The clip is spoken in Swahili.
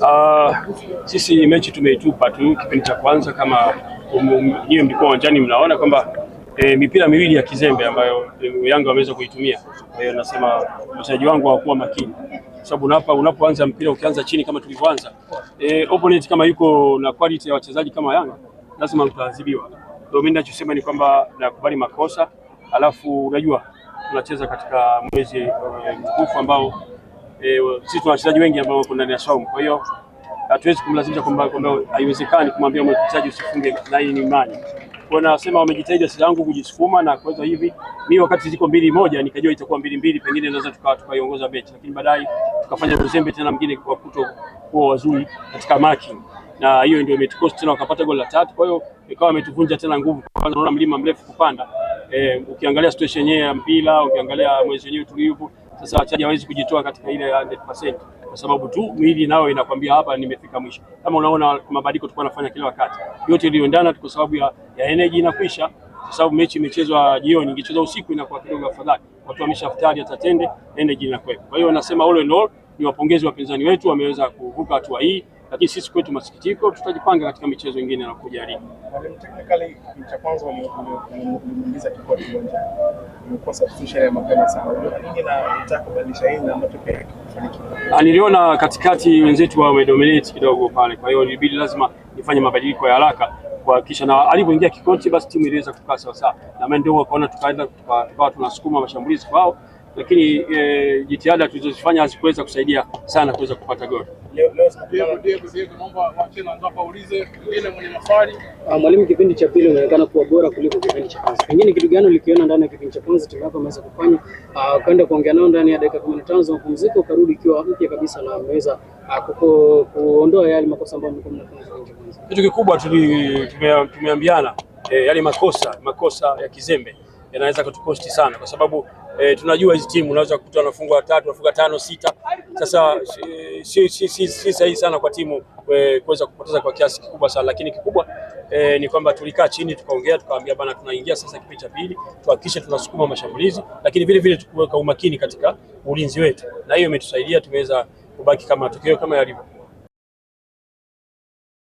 Uh, sisi mechi tumeitupa tu kipindi cha kwanza, kama um, um, nyiwe mlikuwa uwanjani mnaona kwamba e, mipira miwili ya kizembe ambayo e, Yanga wameweza kuitumia. e, nasema mchezaji wangu hawakuwa makini, sababu unapa unapoanza mpira ukianza chini kama tulivyoanza, e, opponent kama yuko na quality ya wachezaji kama Yanga lazima utaadhibiwa. Ndio mimi ninachosema ni kwamba nakubali makosa, alafu unajua tunacheza katika mwezi e, mtukufu ambao e, sisi tuna wachezaji wengi ambao wako ndani ya somo, kwa hiyo hatuwezi kumlazimisha kwamba kwamba haiwezekani kumwambia mchezaji usifunge, line ni imani kwa nasema wamejitahidi sisi wangu kujisukuma na kuweza hivi. Mimi wakati ziko mbili moja nikajua itakuwa mbili mbili, pengine naweza tukawa tukaiongoza mechi, lakini baadaye tukafanya uzembe tena mwingine kwa kuto kuwa wazuri katika maki, na hiyo ndio imetukosa tena, wakapata goli la tatu. Kwa hiyo ikawa imetuvunja tena nguvu, kwanza naona mlima mrefu kupanda. Eh, ukiangalia situation yenyewe ya mpira, ukiangalia mwezi wenyewe tuliopo sasa wachaji hawezi kujitoa katika ile 100% kwa sababu tu mwili nao inakwambia hapa nimefika mwisho. Kama unaona mabadiliko tulikuwa nafanya kila wakati, yote iliyoendana kwa sababu ya, ya energy inakwisha, kwa sababu mechi imechezwa jioni, ingechezwa usiku inakuwa kidogo afadhali, watu wameshaftari hata tende, energy inakwepo. Kwa hiyo nasema all in all, ni wapongezi wapinzani wetu wameweza kuvuka hatua hii lakini sisi kwetu masikitiko, tutajipanga katika michezo mingine na kuja ligi. Ah, niliona katikati wenzetu wamedominate kidogo pale, kwa hiyo ilibidi lazima nifanye mabadiliko ya haraka kuhakikisha na alipoingia Kikoti basi timu iliweza kukaa sawa sawa, na mimi ndio wakaona tukaenda tukawa tunasukuma mashambulizi kwao, lakini e, jitihada tulizozifanya hazikuweza kusaidia sana kuweza kupata goli. Ah, mwalimu, kipindi cha pili unaonekana kuwa bora kuliko kipindi cha kwanza, pengine kitu gani ulikiona ndani ya kipindi cha kwanza timu yako imeweza kufanya, ukaenda ah, kuongea nao ndani ya dakika kumi na tano za mapumziko, ukarudi ikiwa mpya kabisa na ameweza ah, kuondoa yale makosa ambayo mlikuwa mnafanya kipindi cha kwanza? Kitu kikubwa tumeambiana, eh, yale makosa makosa ya kizembe yanaweza kutukosti sana, kwa sababu eh, tunajua hizi timu unaweza kukuta wanafungwa watatu, wanafunga tano sita sasa si, si, si, si sahihi sana kwa timu eh, kuweza kupoteza kwa kiasi kikubwa sana, lakini kikubwa e, ni kwamba tulikaa chini tukaongea, tukaambia bana, tunaingia sasa kipindi cha pili, tuhakikishe tunasukuma mashambulizi, lakini vile vile tukuweka umakini katika ulinzi wetu, na hiyo imetusaidia tumeweza kubaki kama tukio kama yalivyo.